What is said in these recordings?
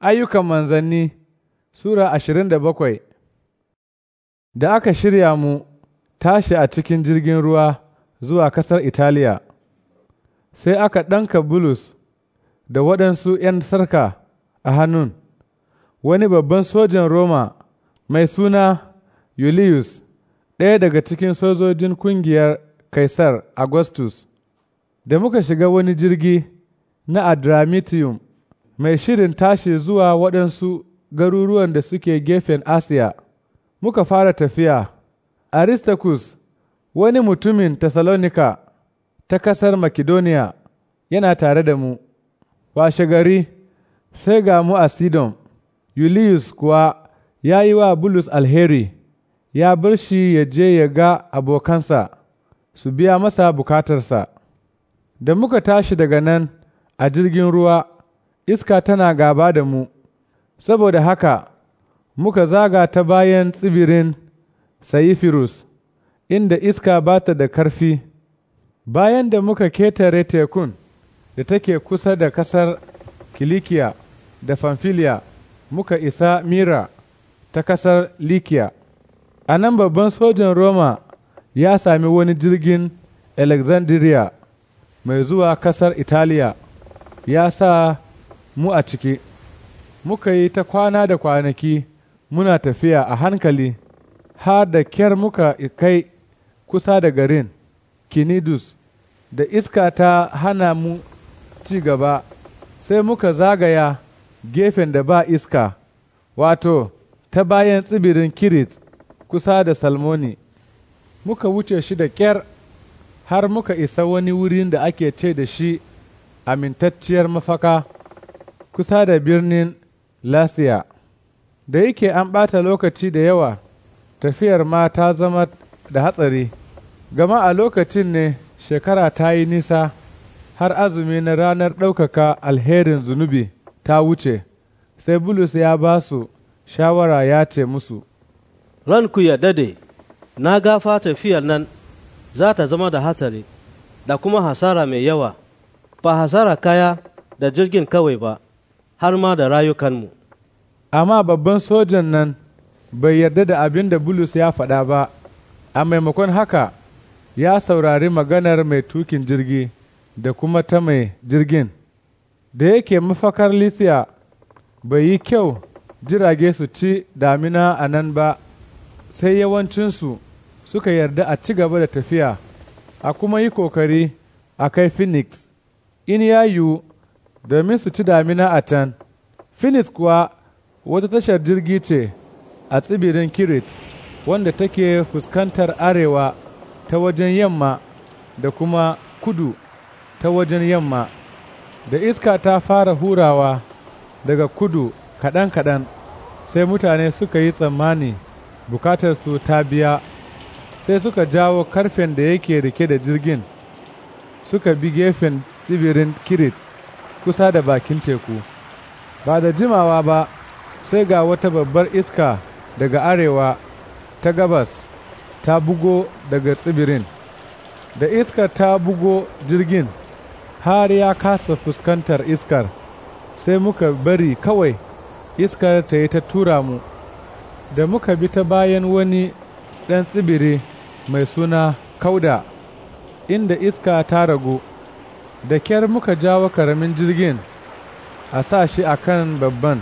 Ayyukan manzanni Sura ashirin da bakwai Da aka shirya mu tashi a cikin jirgin ruwa zuwa ƙasar Italiya, sai aka ɗanka bulus da waɗansu ’yan sarka a hannun wani babban sojan Roma mai suna Yulius, ɗaya daga cikin sojojin ƙungiyar Kaisar Augustus, da muka shiga wani jirgi na Adramitium. mai shirin tashi zuwa waɗansu garuruwan da suke gefen Asiya, muka fara tafiya, Aristarchus, wani mutumin Tessalonika ta ƙasar Makedoniya, yana tare da mu, washe gari, sai ga mu a Sidon, Julius kuwa ya yi wa Bulus alheri, ya bar shi ya je ya ga abokansa, su biya masa bukatarsa. Da muka tashi daga nan a jirgin ruwa, iska tana gaba da mu, saboda haka muka zaga ta bayan tsibirin Saifirus, inda iska ba ta da ƙarfi, bayan da muka ketare tekun da take kusa da ƙasar Kilikiya da Famfiliya muka isa Mira ta ƙasar Likiya. A nan babban sojan Roma ya sami wani jirgin Alexandria mai zuwa ƙasar Italiya, ya sa mu a ciki, muka yi ta kwana da kwanaki muna tafiya a hankali, har da kyar muka kai kusa da garin, Kinidus, da iska ta hana mu ci gaba, sai muka zagaya gefen da ba iska, wato, ta bayan tsibirin Kirit kusa da Salmoni, muka wuce shi da kyar har muka isa wani wurin da ake ce da shi amintacciyar mafaka. kusa da birnin Lasiya, da yake an ɓata lokaci da yawa, tafiyar ma ta zama da hatsari, gama a lokacin ne shekara ta yi nisa har azumi na ranar ɗaukaka alherin zunubi ta wuce, sai Bulus ya ba su shawara ya ce musu, Ranku ya dade, na gafa tafiyar nan za ta zama da hatsari, da kuma hasara mai yawa, ba hasara kaya da jirgin kawai ba. har ma da rayukanmu. Amma babban sojan nan bai yarda da abin da Bulus ya faɗa ba, a maimakon haka ya saurari maganar mai tukin jirgi da kuma ta mai jirgin. Da yake mafakar Lisiya bai yi kyau jirage su ci damina a nan ba, sai yawancinsu suka yarda a ci gaba da tafiya, a kuma yi kokari a kai Phoenix. In ya yiwu domin su ci damina a can. Finis kuwa wata tashar jirgi ce a tsibirin Kirit wanda take fuskantar arewa ta wajen yamma da kuma kudu ta wajen yamma. Da iska ta fara hurawa daga kudu kaɗan-kaɗan sai mutane suka yi tsammani su ta biya sai suka jawo karfen da yake rike da jirgin suka bi gefen tsibirin Kirit. kusa da bakin teku ba da jimawa ba sai ga wata babbar iska daga arewa ta gabas ta bugo daga tsibirin da iskar ta bugo jirgin har ya kasa fuskantar iskar sai muka bari kawai iskar ta yi ta tura mu da muka bi ta bayan wani ɗan tsibiri mai suna kauda inda iska ta ragu da kyar muka jawo karamin jirgin a sa shi a kan babban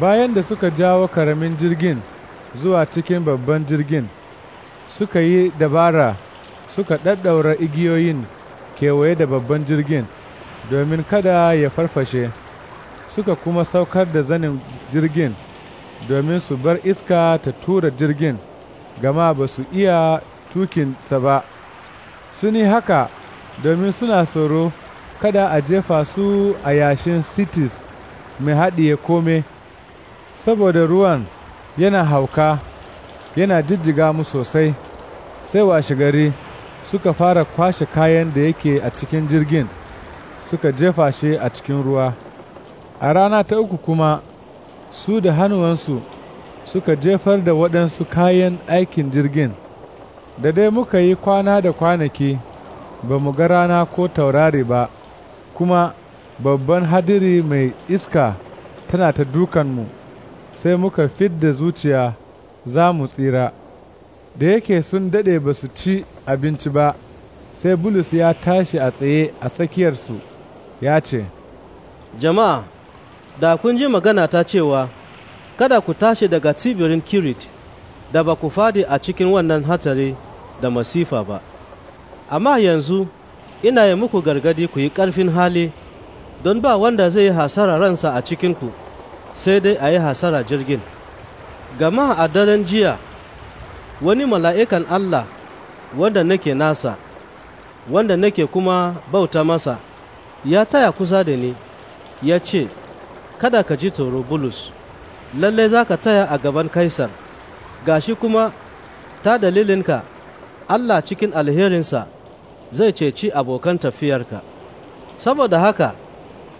bayan da suka jawo karamin jirgin zuwa cikin babban jirgin suka yi dabara suka ɗaɗɗaura igiyoyin kewaye da babban jirgin domin kada ya farfashe suka kuma saukar da zanin jirgin domin su bar iska ta tura jirgin gama ba su iya tukinsa ba sun yi haka domin suna tsoro kada a jefa su a yashin cities mai haɗiye kome saboda ruwan yana hauka yana jijjiga mu sosai sai washe gari suka fara kwashe kayan da yake a cikin jirgin suka jefa shi a cikin ruwa a rana ta uku kuma su da hannuwansu suka jefar da waɗansu kayan aikin jirgin da dai muka yi kwana da kwanaki ba mu ga rana ko taurari ba kuma babban hadiri mai iska tana ta dukanmu sai muka da zuciya za mu tsira da yake sun daɗe ba su ci abinci ba sai bulus ya tashi a tsaye a tsakiyarsu ya ce jama'a da kun ji magana ta cewa kada ku tashi daga tsibirin kirit da ba ku fadi a cikin wannan hatsari da masifa ba amma yanzu ina yi muku gargadi ku yi ƙarfin hali don ba wanda zai yi hasara ransa a cikinku sai dai a yi hasara jirgin gama a daren jiya wani mala'ikan Allah wanda nake nasa wanda nake kuma bauta masa ya taya kusa da ni ya ce kada ka ji tsoro bulus lallai za ka taya a gaban kaisar gashi kuma ta dalilinka Allah cikin alherinsa zai ceci abokan tafiyarka saboda haka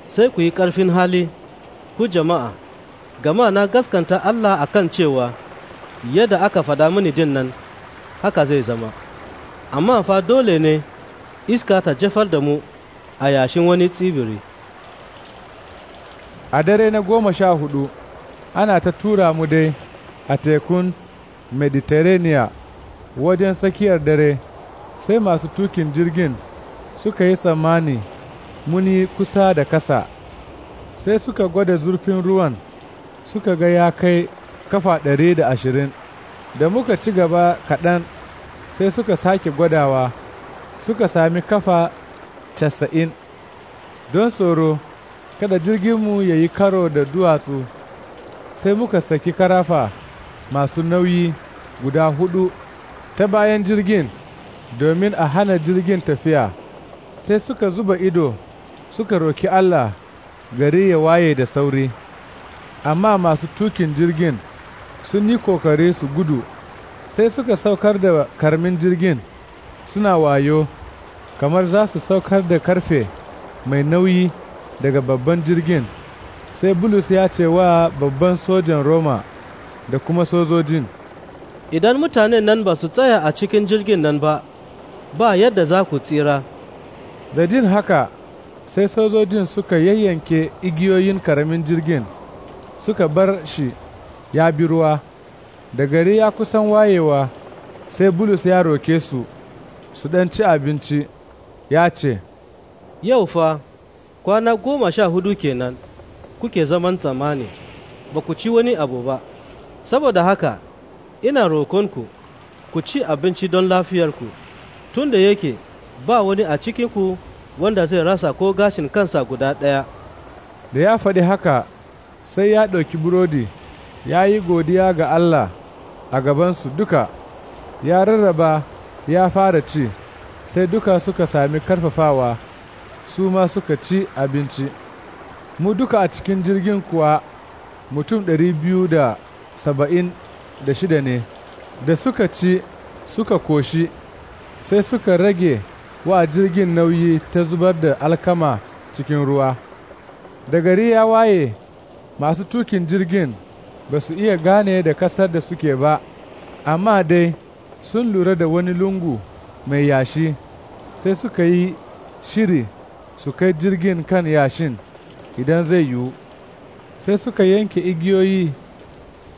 sai ku yi ƙarfin hali ku jama'a gama na gaskanta Allah a kan cewa yadda aka faɗa mini din nan haka zai zama amma fa dole ne iska ta jefar da mu a yashin wani tsibiri a dare na goma sha hudu ana ta tura mu dai a tekun mediterranean wajen tsakiyar dare sai masu tukin jirgin suka yi tsammani muni kusa da kasa sai suka gwada zurfin ruwan suka ga ya kai kafa ɗari da ashirin da muka ci gaba kaɗan sai suka sake gwadawa suka sami kafa casa'in don tsoro kada jirginmu ya yi karo da duwatsu sai muka saki karafa masu nauyi guda hudu ta bayan jirgin domin a hana jirgin tafiya sai suka zuba ido suka roki Allah gari ya waye da sauri amma masu tukin jirgin sun yi kokare su gudu sai suka saukar da karmin jirgin suna wayo kamar za su saukar da karfe mai nauyi daga babban jirgin sai bulus ya ce wa babban sojan roma da kuma sojojin idan mutanen nan ba su tsaya a cikin jirgin nan ba ba yadda za ku tsira da jin haka sai sojojin suka yayyanke igiyoyin karamin jirgin suka bar shi ya bi ruwa da gari ya kusan wayewa sai bulus ya roke su su ɗan ci abinci ya ce yau fa kwana goma sha hudu kenan kuke zaman tsamani ba ku ci wani abu ba saboda haka ina rokonku ku ci abinci don lafiyarku tun da yake ba wani a cikinku wanda zai rasa ko gashin kansa guda ɗaya da ya faɗi haka sai ya ɗauki burodi ya yi godiya ga Allah a gabansu duka ya rarraba ya fara ci sai duka suka sami karfafawa su ma suka ci abinci mu duka a cikin jirgin kuwa mutum ɗari biyu da saba'in da shida ne da suka ci suka koshi sai suka rage wa jirgin nauyi ta zubar da alkama cikin ruwa da gari ya waye masu tukin jirgin ba su iya gane da kasar da suke ba amma dai sun lura da wani lungu mai yashi sai suka yi shiri su kai jirgin kan yashin idan zai yiwu sai suka yanke igiyoyi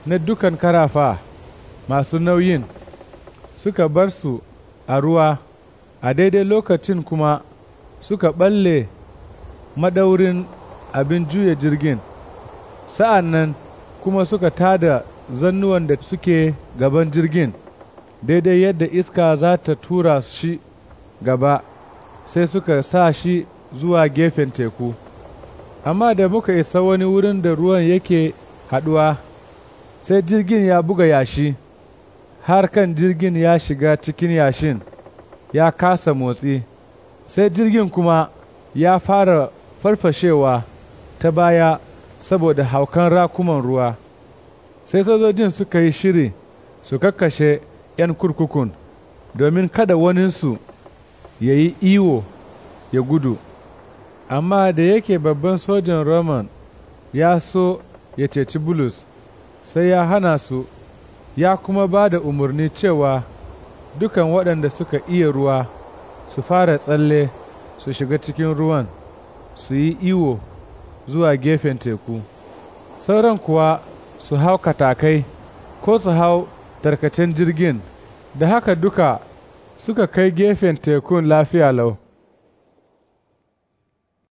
na dukan karafa masu nauyin suka bar su a ruwa a daidai lokacin kuma suka balle maɗaurin abin juya jirgin sa'an nan kuma suka tada zannuwan da suke gaban jirgin daidai yadda iska za ta tura shi gaba sai suka sa shi zuwa gefen teku amma da muka isa wani wurin da ruwan yake haɗuwa sai jirgin ya buga yashi har kan jirgin ya shiga cikin yashin ya kasa motsi sai jirgin kuma ya fara farfashewa ta baya saboda haukan rakuman ruwa sai sojojin suka yi shiri su kakkashe 'yan kurkukun domin kada waninsu ya yi iwo ya gudu amma da yake babban sojan roman ya so ya ceci bulus sai ya hana su ya kuma ba da umarni cewa dukan waɗanda suka iya ruwa su fara tsalle su shiga cikin ruwan su yi iwo zuwa gefen teku sauran kuwa su hau katakai ko su hau tarkacen jirgin da haka duka suka kai gefen tekun lafiya lau